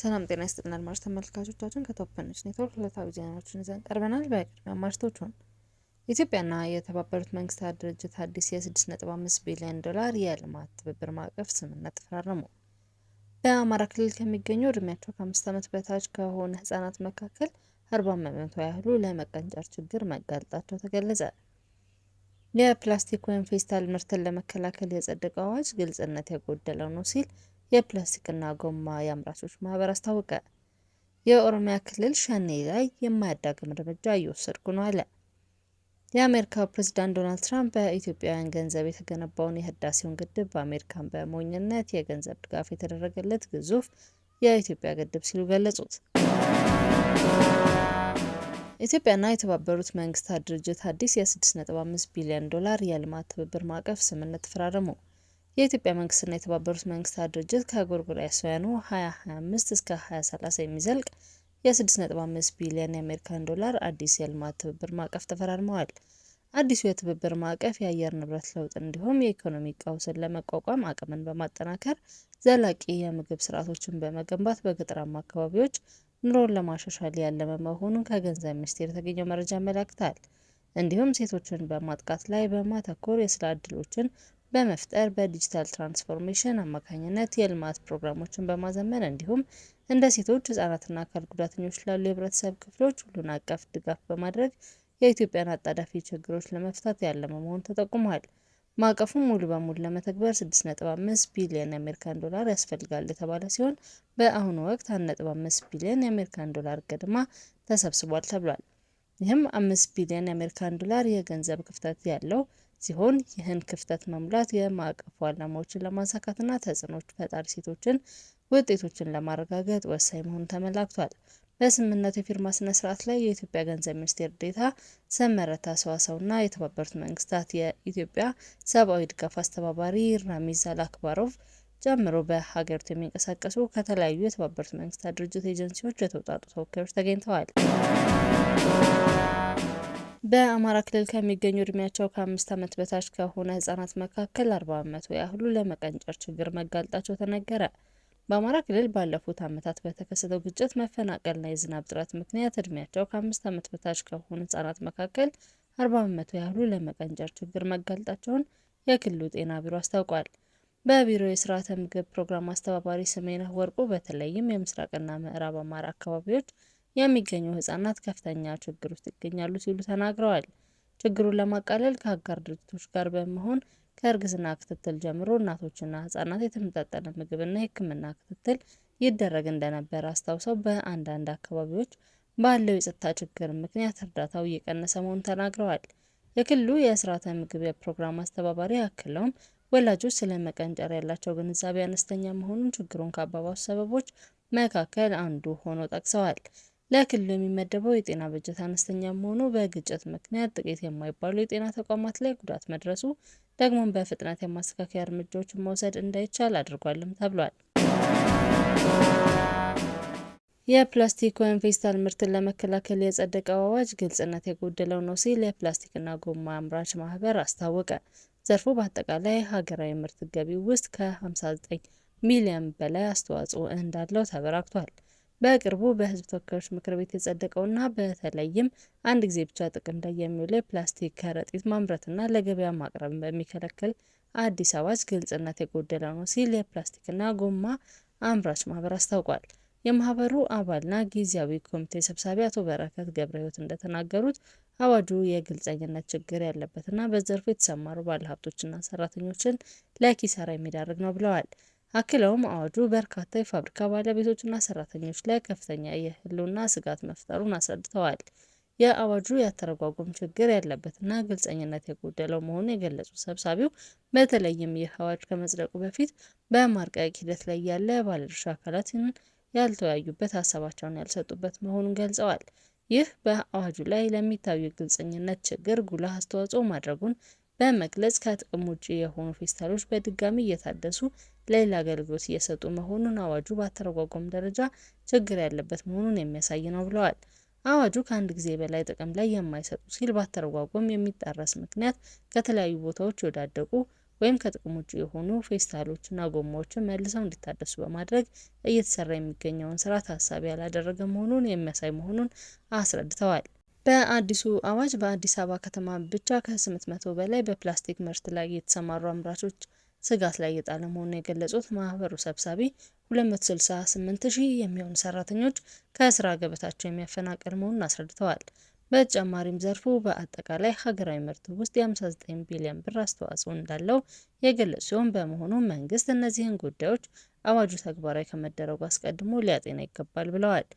ሰላም ጤና ይስጥልን አድማጭ ተመልካቾቻችን ከቶፕንች ኔትወርክ ዕለታዊ ዜናዎችን ይዘን ቀርበናል። በቅድሚያ አማርቶቹን ኢትዮጵያና የተባበሩት መንግስታት ድርጅት አዲስ የ6.5 ቢሊዮን ዶላር የልማት ትብብር ማዕቀፍ ስምምነት ተፈራረሙ። በአማራ ክልል ከሚገኙ እድሜያቸው ከአምስት ዓመት በታች ከሆኑ ህጻናት መካከል አርባ በመቶ ያህሉ ለመቀንጨር ችግር መጋለጣቸው ተገለጸ። የፕላስቲክ ወይም ፌስታል ምርትን ለመከላከል የጸደቀው አዋጅ ግልጽነት የጎደለው ነው ሲል የፕላስቲክና ጎማ የአምራቾች ማህበር አስታወቀ። የኦሮሚያ ክልል ሸኔ ላይ የማያዳግም እርምጃ እየወሰድኩ ነው አለ። የአሜሪካው ፕሬዝዳንት ዶናልድ ትራምፕ በኢትዮጵያውያን ገንዘብ የተገነባውን የህዳሴውን ግድብ በአሜሪካን በሞኝነት የገንዘብ ድጋፍ የተደረገለት ግዙፍ የኢትዮጵያ ግድብ ሲሉ ገለጹት። ኢትዮጵያና የተባበሩት መንግስታት ድርጅት አዲስ የ6.5 ቢሊዮን ዶላር የልማት ትብብር ማዕቀፍ ስምምነት ተፈራረሙ። የኢትዮጵያ መንግስትና የተባበሩት መንግስታት ድርጅት ከጎርጎሮሳውያኑ 2025 እስከ 2030 የሚዘልቅ የ6.5 ቢሊዮን የአሜሪካን ዶላር አዲስ የልማት ትብብር ማዕቀፍ ተፈራርመዋል። አዲሱ የትብብር ማዕቀፍ የአየር ንብረት ለውጥ እንዲሁም የኢኮኖሚ ቀውስን ለመቋቋም አቅምን በማጠናከር ዘላቂ የምግብ ስርዓቶችን በመገንባት በገጠራማ አካባቢዎች ኑሮን ለማሻሻል ያለመ መሆኑን ከገንዘብ ሚኒስቴር የተገኘው መረጃ ያመለክታል። እንዲሁም ሴቶችን በማጥቃት ላይ በማተኮር የስራ እድሎችን በመፍጠር በዲጂታል ትራንስፎርሜሽን አማካኝነት የልማት ፕሮግራሞችን በማዘመን እንዲሁም እንደ ሴቶች፣ ህጻናትና አካል ጉዳተኞች ላሉ የህብረተሰብ ክፍሎች ሁሉን አቀፍ ድጋፍ በማድረግ የኢትዮጵያን አጣዳፊ ችግሮች ለመፍታት ያለመ መሆኑ ተጠቁሟል። ማዕቀፉን ሙሉ በሙሉ ለመተግበር 6.5 ቢሊዮን የአሜሪካን ዶላር ያስፈልጋል የተባለ ሲሆን በአሁኑ ወቅት 1.5 ቢሊዮን የአሜሪካን ዶላር ገድማ ተሰብስቧል ተብሏል። ይህም 5 ቢሊዮን የአሜሪካን ዶላር የገንዘብ ክፍተት ያለው ሲሆን ይህን ክፍተት መሙላት የማዕቀፉ ዓላማዎችን ለማሳካትና ተጽዕኖ ፈጣሪ ሴቶችን ውጤቶችን ለማረጋገጥ ወሳኝ መሆኑ ተመላክቷል። በስምምነቱ የፊርማ ስነ ስርዓት ላይ የኢትዮጵያ ገንዘብ ሚኒስቴር ዴታ ሰመረታ ሰዋሰውና የተባበሩት መንግስታት የኢትዮጵያ ሰብአዊ ድጋፍ አስተባባሪ ራሚዝ አልአክባሮቭ ጨምሮ በሀገሪቱ የሚንቀሳቀሱ ከተለያዩ የተባበሩት መንግስታት ድርጅት ኤጀንሲዎች የተውጣጡ ተወካዮች ተገኝተዋል። በአማራ ክልል ከሚገኙ እድሜያቸው ከአምስት ዓመት በታች ከሆነ ህጻናት መካከል አርባ በመቶ ያህሉ ለመቀንጨር ችግር መጋለጣቸው ተነገረ። በአማራ ክልል ባለፉት ዓመታት በተከሰተው ግጭት፣ መፈናቀልና የዝናብ እጥረት ምክንያት እድሜያቸው ከአምስት ዓመት በታች ከሆኑ ህጻናት መካከል አርባ በመቶ ያህሉ ለመቀንጨር ችግር መጋለጣቸውን የክልሉ ጤና ቢሮ አስታውቋል። በቢሮ የስርዓተ ምግብ ፕሮግራም አስተባባሪ ስሜነህ ወርቁ በተለይም የምስራቅና ምዕራብ አማራ አካባቢዎች የሚገኙ ህጻናት ከፍተኛ ችግር ውስጥ ይገኛሉ ሲሉ ተናግረዋል። ችግሩን ለማቃለል ከአጋር ድርጅቶች ጋር በመሆን ከእርግዝና ክትትል ጀምሮ እናቶችና ህጻናት የተመጣጠነ ምግብና የህክምና ክትትል ይደረግ እንደነበር አስታውሰው በአንዳንድ አካባቢዎች ባለው የጸጥታ ችግር ምክንያት እርዳታው እየቀነሰ መሆኑን ተናግረዋል። የክልሉ የስርዓተ ምግብ ፕሮግራም አስተባባሪ አክለውም ወላጆች ስለ መቀንጨር ያላቸው ግንዛቤ አነስተኛ መሆኑን ችግሩን ከአባባሱ ሰበቦች መካከል አንዱ ሆኖ ጠቅሰዋል። ለክልሉ የሚመደበው የጤና በጀት አነስተኛ መሆኑ በግጭት ምክንያት ጥቂት የማይባሉ የጤና ተቋማት ላይ ጉዳት መድረሱ ደግሞም በፍጥነት የማስተካከያ እርምጃዎችን መውሰድ እንዳይቻል አድርጓልም ተብሏል። የፕላስቲክ ወይም ፌስታል ምርትን ለመከላከል የጸደቀው አዋጅ ግልጽነት የጎደለው ነው ሲል የፕላስቲክና ጎማ አምራች ማህበር አስታወቀ። ዘርፉ በአጠቃላይ ሀገራዊ ምርት ገቢ ውስጥ ከ59 ሚሊዮን በላይ አስተዋጽኦ እንዳለው ተበራክቷል። በቅርቡ በህዝብ ተወካዮች ምክር ቤት የጸደቀውና በተለይም አንድ ጊዜ ብቻ ጥቅም ላይ የሚውል የፕላስቲክ ከረጢት ማምረትና ለገበያ ማቅረብን በሚከለክል አዲስ አዋጅ ግልጽነት የጎደለው ነው ሲል የፕላስቲክና ጎማ አምራች ማህበር አስታውቋል። የማህበሩ አባልና ጊዜያዊ ኮሚቴ ሰብሳቢ አቶ በረከት ገብረ ሕይወት እንደተናገሩት አዋጁ የግልጸኝነት ችግር ያለበትና በዘርፉ የተሰማሩ ባለሀብቶችና ሰራተኞችን ለኪሳራ የሚዳርግ ነው ብለዋል። አክለውም አዋጁ በርካታ የፋብሪካ ባለቤቶችና ሰራተኞች ላይ ከፍተኛ የህልውና ስጋት መፍጠሩን አስረድተዋል። የአዋጁ የአተረጓጎም ችግር ያለበትና ግልጸኝነት የጎደለው መሆኑን የገለጹት ሰብሳቢው በተለይም ይህ አዋጅ ከመጽደቁ በፊት በማርቀቅ ሂደት ላይ ያለ ባለድርሻ አካላትን ያልተወያዩበት፣ ሀሳባቸውን ያልሰጡበት መሆኑን ገልጸዋል። ይህ በአዋጁ ላይ ለሚታዩ የግልጸኝነት ችግር ጉልህ አስተዋጽኦ ማድረጉን በመግለጽ ከጥቅም ውጪ የሆኑ ፌስታሎች በድጋሚ እየታደሱ ለሌላ አገልግሎት እየሰጡ መሆኑን አዋጁ በአተረጓጎም ደረጃ ችግር ያለበት መሆኑን የሚያሳይ ነው ብለዋል። አዋጁ ከአንድ ጊዜ በላይ ጥቅም ላይ የማይሰጡ ሲል በአተረጓጎም የሚጣረስ ምክንያት ከተለያዩ ቦታዎች የወዳደቁ ወይም ከጥቅም ውጭ የሆኑ ፌስታሎችና ጎማዎችን መልሰው እንዲታደሱ በማድረግ እየተሰራ የሚገኘውን ስራ ታሳቢ ያላደረገ መሆኑን የሚያሳይ መሆኑን አስረድተዋል። በአዲሱ አዋጅ በአዲስ አበባ ከተማ ብቻ ከ800 በላይ በፕላስቲክ ምርት ላይ የተሰማሩ አምራቾች ስጋት ላይ የጣለ መሆኑን የገለጹት ማህበሩ ሰብሳቢ 268 ሺህ የሚሆኑ ሰራተኞች ከስራ ገበታቸው የሚያፈናቅል መሆኑን አስረድተዋል። በተጨማሪም ዘርፉ በአጠቃላይ ሀገራዊ ምርት ውስጥ የ59 ቢሊዮን ብር አስተዋጽኦ እንዳለው የገለጹ ሲሆን በመሆኑ መንግስት እነዚህን ጉዳዮች አዋጁ ተግባራዊ ከመደረጉ አስቀድሞ ሊያጤና ይገባል ብለዋል።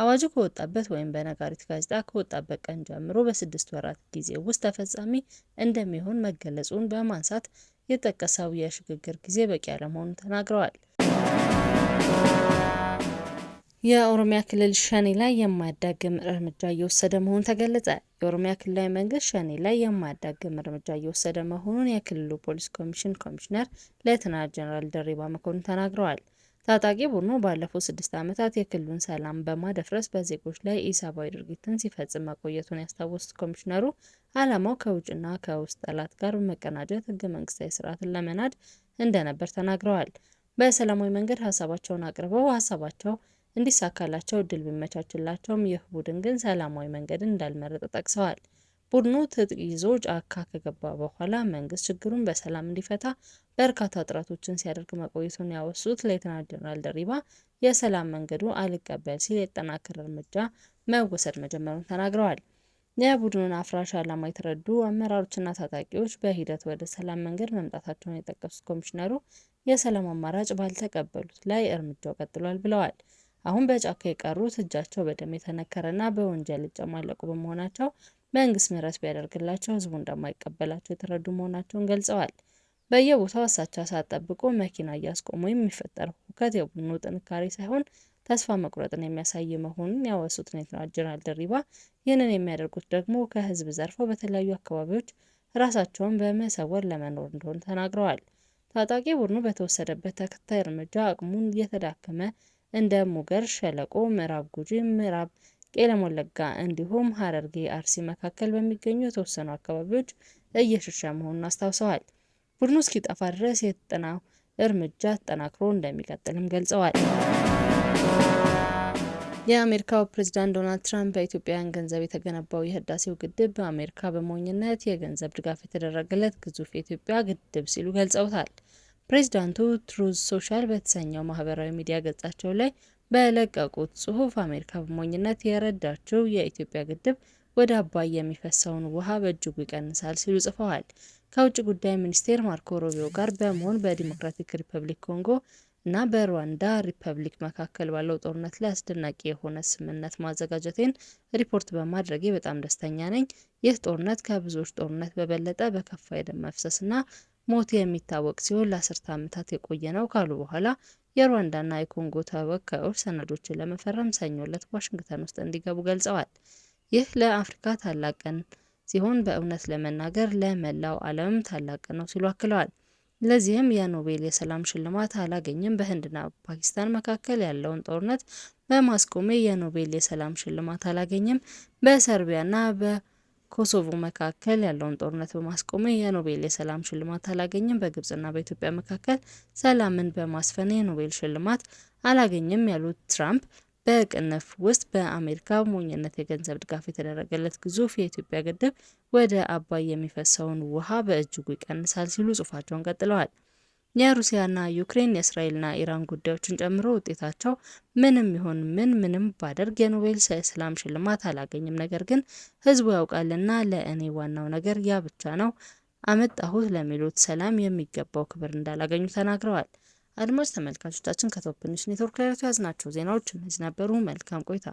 አዋጁ ከወጣበት ወይም በነጋሪት ጋዜጣ ከወጣበት ቀን ጀምሮ በስድስት ወራት ጊዜ ውስጥ ተፈጻሚ እንደሚሆን መገለጹን በማንሳት የጠቀሰው የሽግግር ጊዜ በቂ አለመሆኑን ተናግረዋል። የኦሮሚያ ክልል ሸኔ ላይ የማያዳግም እርምጃ እየወሰደ መሆኑ ተገለጸ። የኦሮሚያ ክልላዊ መንግስት ሸኔ ላይ የማያዳግም እርምጃ እየወሰደ መሆኑን የክልሉ ፖሊስ ኮሚሽን ኮሚሽነር ሌተናል ጀነራል ደሪባ መኮንን ተናግረዋል። ታጣቂ ቡድኑ ባለፉት ስድስት ዓመታት የክልሉን ሰላም በማደፍረስ በዜጎች ላይ ኢሰብአዊ ድርጊትን ሲፈጽም መቆየቱን ያስታወሱት ኮሚሽነሩ፣ ዓላማው ከውጭና ከውስጥ ጠላት ጋር በመቀናጀት ህገ መንግስታዊ ስርዓትን ለመናድ እንደነበር ተናግረዋል። በሰላማዊ መንገድ ሀሳባቸውን አቅርበው ሀሳባቸው እንዲሳካላቸው እድል ቢመቻችላቸውም ይህ ቡድን ግን ሰላማዊ መንገድን እንዳልመረጠ ጠቅሰዋል። ቡድኑ ትጥቅ ይዞ ጫካ ከገባ በኋላ መንግስት ችግሩን በሰላም እንዲፈታ በርካታ ጥረቶችን ሲያደርግ መቆየቱን ያወሱት ሌተናል ጀነራል ደሪባ የሰላም መንገዱ አልቀበል ሲል የተጠናከረ እርምጃ መወሰድ መጀመሩን ተናግረዋል። የቡድኑን አፍራሽ ዓላማ የተረዱ አመራሮችና ታጣቂዎች በሂደት ወደ ሰላም መንገድ መምጣታቸውን የጠቀሱት ኮሚሽነሩ የሰላም አማራጭ ባልተቀበሉት ላይ እርምጃው ቀጥሏል ብለዋል። አሁን በጫካ የቀሩት እጃቸው በደም የተነከረና በወንጀል የተጨማለቁ በመሆናቸው መንግስት ምህረት ቢያደርግላቸው ህዝቡ እንደማይቀበላቸው የተረዱ መሆናቸውን ገልጸዋል። በየቦታው እሳቻ ሳያጠብቁ መኪና እያስቆሙ የሚፈጠር ሁከት የቡድኑ ጥንካሬ ሳይሆን ተስፋ መቁረጥን የሚያሳይ መሆኑን ያወሱት ሌተና ጀነራል ድሪባ፣ ይህንን የሚያደርጉት ደግሞ ከህዝብ ዘርፈው በተለያዩ አካባቢዎች ራሳቸውን በመሰወር ለመኖር እንደሆነ ተናግረዋል። ታጣቂ ቡድኑ በተወሰደበት ተከታይ እርምጃ አቅሙን እየተዳከመ እንደ ሙገር ሸለቆ፣ ምዕራብ ጉጂ፣ ምዕራብ ቄለም ወለጋ እንዲሁም ሀረርጌ አርሲ መካከል በሚገኙ የተወሰኑ አካባቢዎች እየሸሸ መሆኑን አስታውሰዋል። ቡድኑ እስኪጠፋ ድረስ የተጠና እርምጃ ተጠናክሮ እንደሚቀጥልም ገልጸዋል። የአሜሪካው ፕሬዝዳንት ዶናልድ ትራምፕ በኢትዮጵያውያን ገንዘብ የተገነባው የህዳሴው ግድብ በአሜሪካ በሞኝነት የገንዘብ ድጋፍ የተደረገለት ግዙፍ የኢትዮጵያ ግድብ ሲሉ ገልጸውታል። ፕሬዝዳንቱ ትሩዝ ሶሻል በተሰኘው ማህበራዊ ሚዲያ ገጻቸው ላይ በለቀቁት ጽሁፍ አሜሪካ በሞኝነት የረዳችው የኢትዮጵያ ግድብ ወደ አባይ የሚፈሰውን ውሃ በእጅጉ ይቀንሳል ሲሉ ጽፈዋል። ከውጭ ጉዳይ ሚኒስቴር ማርኮ ሮቢዮ ጋር በመሆን በዲሞክራቲክ ሪፐብሊክ ኮንጎ እና በሩዋንዳ ሪፐብሊክ መካከል ባለው ጦርነት ላይ አስደናቂ የሆነ ስምምነት ማዘጋጀቴን ሪፖርት በማድረጌ በጣም ደስተኛ ነኝ። ይህ ጦርነት ከብዙዎች ጦርነት በበለጠ በከፋ የደም መፍሰስና ሞት የሚታወቅ ሲሆን ለአስርተ ዓመታት የቆየ ነው ካሉ በኋላ የሩዋንዳና የኮንጎ ተወካዮች ሰነዶችን ለመፈረም ሰኞ ዕለት ዋሽንግተን ውስጥ እንዲገቡ ገልጸዋል። ይህ ለአፍሪካ ታላቅ ቀን ሲሆን በእውነት ለመናገር ለመላው ዓለም ታላቅ ነው ሲሉ አክለዋል። ለዚህም የኖቤል የሰላም ሽልማት አላገኝም። በህንድና ፓኪስታን መካከል ያለውን ጦርነት በማስቆሜ የኖቤል የሰላም ሽልማት አላገኝም። በሰርቢያና በኮሶቮ መካከል ያለውን ጦርነት በማስቆሜ የኖቤል የሰላም ሽልማት አላገኝም። በግብጽና በኢትዮጵያ መካከል ሰላምን በማስፈን የኖቤል ሽልማት አላገኝም ያሉት ትራምፕ በቅንፍ ውስጥ በአሜሪካ ሞኝነት የገንዘብ ድጋፍ የተደረገለት ግዙፍ የኢትዮጵያ ግድብ ወደ አባይ የሚፈሰውን ውሃ በእጅጉ ይቀንሳል ሲሉ ጽሑፋቸውን ቀጥለዋል። የሩሲያና ዩክሬን የእስራኤልና ኢራን ጉዳዮችን ጨምሮ ውጤታቸው ምንም ይሁን ምን ምንም ባደርግ የኖቤል የሰላም ሽልማት አላገኝም፣ ነገር ግን ህዝቡ ያውቃልና ለእኔ ዋናው ነገር ያ ብቻ ነው አመጣሁት ለሚሉት ሰላም የሚገባው ክብር እንዳላገኙ ተናግረዋል። አድማጭ ተመልካቾቻችን ከቶፕ ኒውስ ኔትወርክ ለዕለቱ ያዝናቸው ዜናዎች እነዚህ ነበሩ። መልካም ቆይታ